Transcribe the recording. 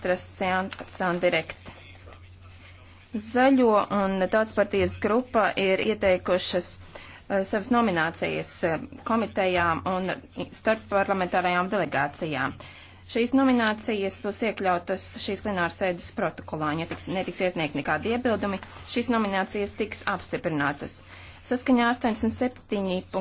Trasan Direkt. Zaļo un tautas partijas grupa ir ieteikušas eh, savas nominācijas eh, komitejām un starpparlamentārajām delegācijām. Šīs nominācijas būs iekļautas šīs plenāras sēdes protokolā, un ja tiks, netiks iesniegt nekādi iebildumi, šīs nominācijas tiks apstiprinātas. Saskaņā 87.